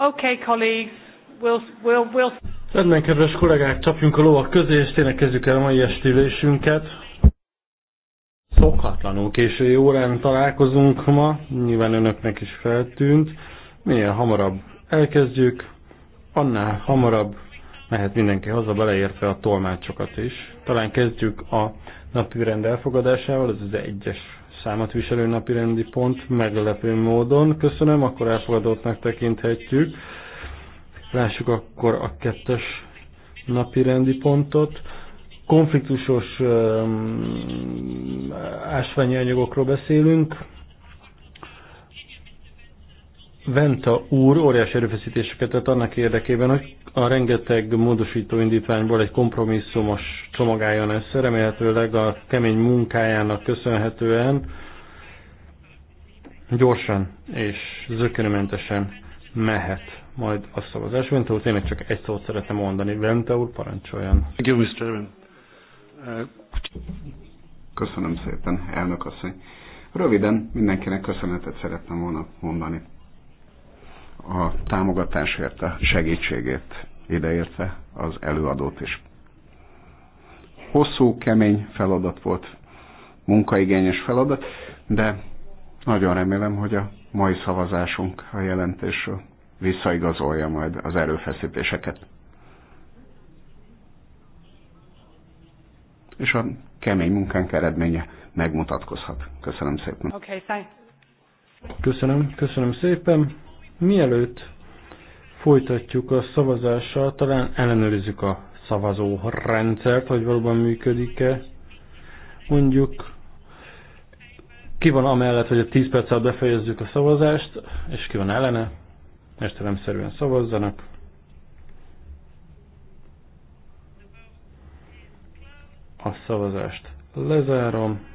Okay, colleagues, we'll, we'll, we'll... Rendben, kedves kollégák, csapjunk a lovak közé, és tényleg kezdjük el a mai estülésünket. Szokatlanul késői órán találkozunk ma, nyilván önöknek is feltűnt. Milyen hamarabb elkezdjük, annál hamarabb mehet mindenki haza, beleértve a tolmácsokat is. Talán kezdjük a napi rend elfogadásával, ez az egyes számot viselő napi rendi pont meglepő módon. Köszönöm, akkor elfogadottnak tekinthetjük. Lássuk akkor a kettes napi rendi pontot. Konfliktusos um, ásványi anyagokról beszélünk. Venta úr óriási erőfeszítéseket tett annak érdekében, hogy a rengeteg módosító indítványból egy kompromisszumos csomagáljon össze, remélhetőleg a kemény munkájának köszönhetően gyorsan és zökkenőmentesen mehet majd a szavazás. Venta úr, tényleg csak egy szót szeretem mondani. Venta úr, parancsoljon. Uh, Köszönöm szépen, elnök asszony. Röviden mindenkinek köszönetet szerettem volna mondani a támogatásért, a segítségét, ideértve az előadót is. Hosszú, kemény feladat volt, munkaigényes feladat, de nagyon remélem, hogy a mai szavazásunk a jelentésről visszaigazolja majd az erőfeszítéseket. És a kemény munkánk eredménye megmutatkozhat. Köszönöm szépen. Okay, Köszönöm, köszönöm szépen. Mielőtt folytatjuk a szavazással, talán ellenőrizzük a szavazó rendszert, hogy valóban működik-e. Mondjuk ki van amellett, hogy a 10 alatt befejezzük a szavazást, és ki van ellene, értelemszerűen szavazzanak. A szavazást lezárom.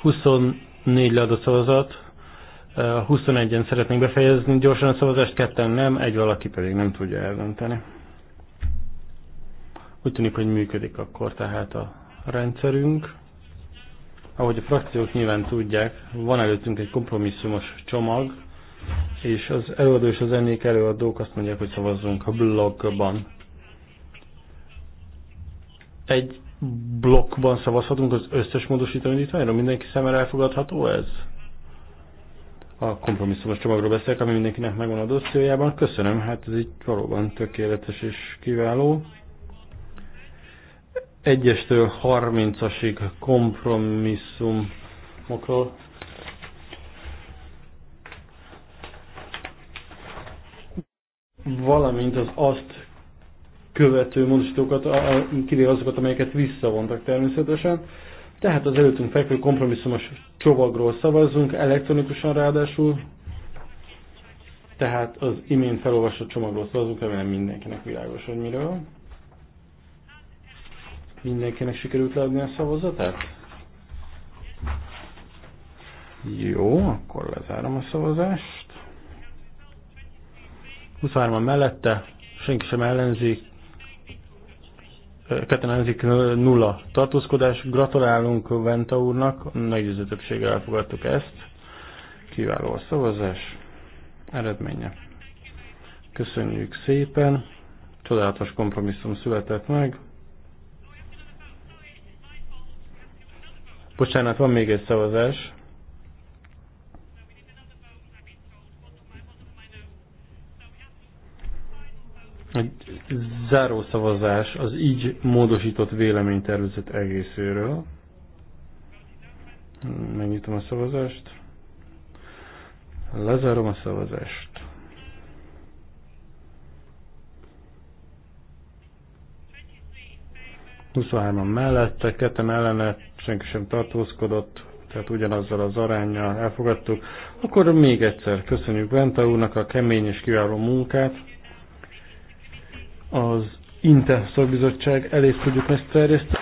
20 négy leadott szavazat, 21-en szeretnénk befejezni gyorsan a szavazást, ketten nem, egy valaki pedig nem tudja eldönteni. Úgy tűnik, hogy működik akkor tehát a rendszerünk. Ahogy a frakciók nyilván tudják, van előttünk egy kompromisszumos csomag, és az előadó és az ennék előadók azt mondják, hogy szavazzunk a blogban. Egy blokkban szavazhatunk az összes módosító indítványra? Mindenki szemmel elfogadható ez? A kompromisszumos csomagról beszélek, ami mindenkinek megvan a dossziójában. Köszönöm, hát ez így valóban tökéletes és kiváló. 1-től 30-asig kompromisszumokról valamint az azt követő módosítókat, kivéve azokat, amelyeket visszavontak természetesen. Tehát az előttünk fekvő kompromisszumos csovagról szavazzunk, elektronikusan ráadásul, tehát az imént felolvasott csomagról szavazunk, remélem mindenkinek világos, hogy miről. Mindenkinek sikerült leadni a szavazatát? Jó, akkor lezárom a szavazást. 23-an mellette, senki sem ellenzi, Katanázik nulla tartózkodás. Gratulálunk Venta úrnak, nagy többséggel elfogadtuk ezt. Kiváló a szavazás eredménye. Köszönjük szépen, csodálatos kompromisszum született meg. Bocsánat, van még egy szavazás. egy zárószavazás az így módosított véleménytervezet egészéről. Megnyitom a szavazást. Lezárom a szavazást. Huszonhárman mellette, ketten ellene, senki sem tartózkodott, tehát ugyanazzal az arányjal elfogadtuk. Akkor még egyszer köszönjük Venta úrnak a kemény és kiváló munkát az INTE szakbizottság elé tudjuk ezt terjeszteni.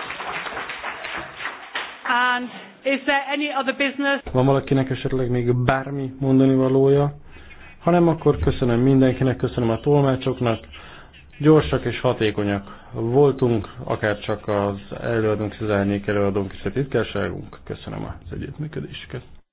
And is there any other business? Van valakinek esetleg még bármi mondani valója? Ha nem, akkor köszönöm mindenkinek, köszönöm a tolmácsoknak. Gyorsak és hatékonyak voltunk, akár csak az előadónk, az árnyék előadónk és a titkárságunk. Köszönöm az együttműködésüket.